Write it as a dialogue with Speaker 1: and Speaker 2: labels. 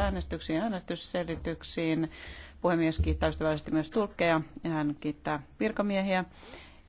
Speaker 1: äänestyksiin äänestysselityksiin. Puhemies kiittää ystävällisesti myös tulkkeja ja hän kiittää virkamiehiä.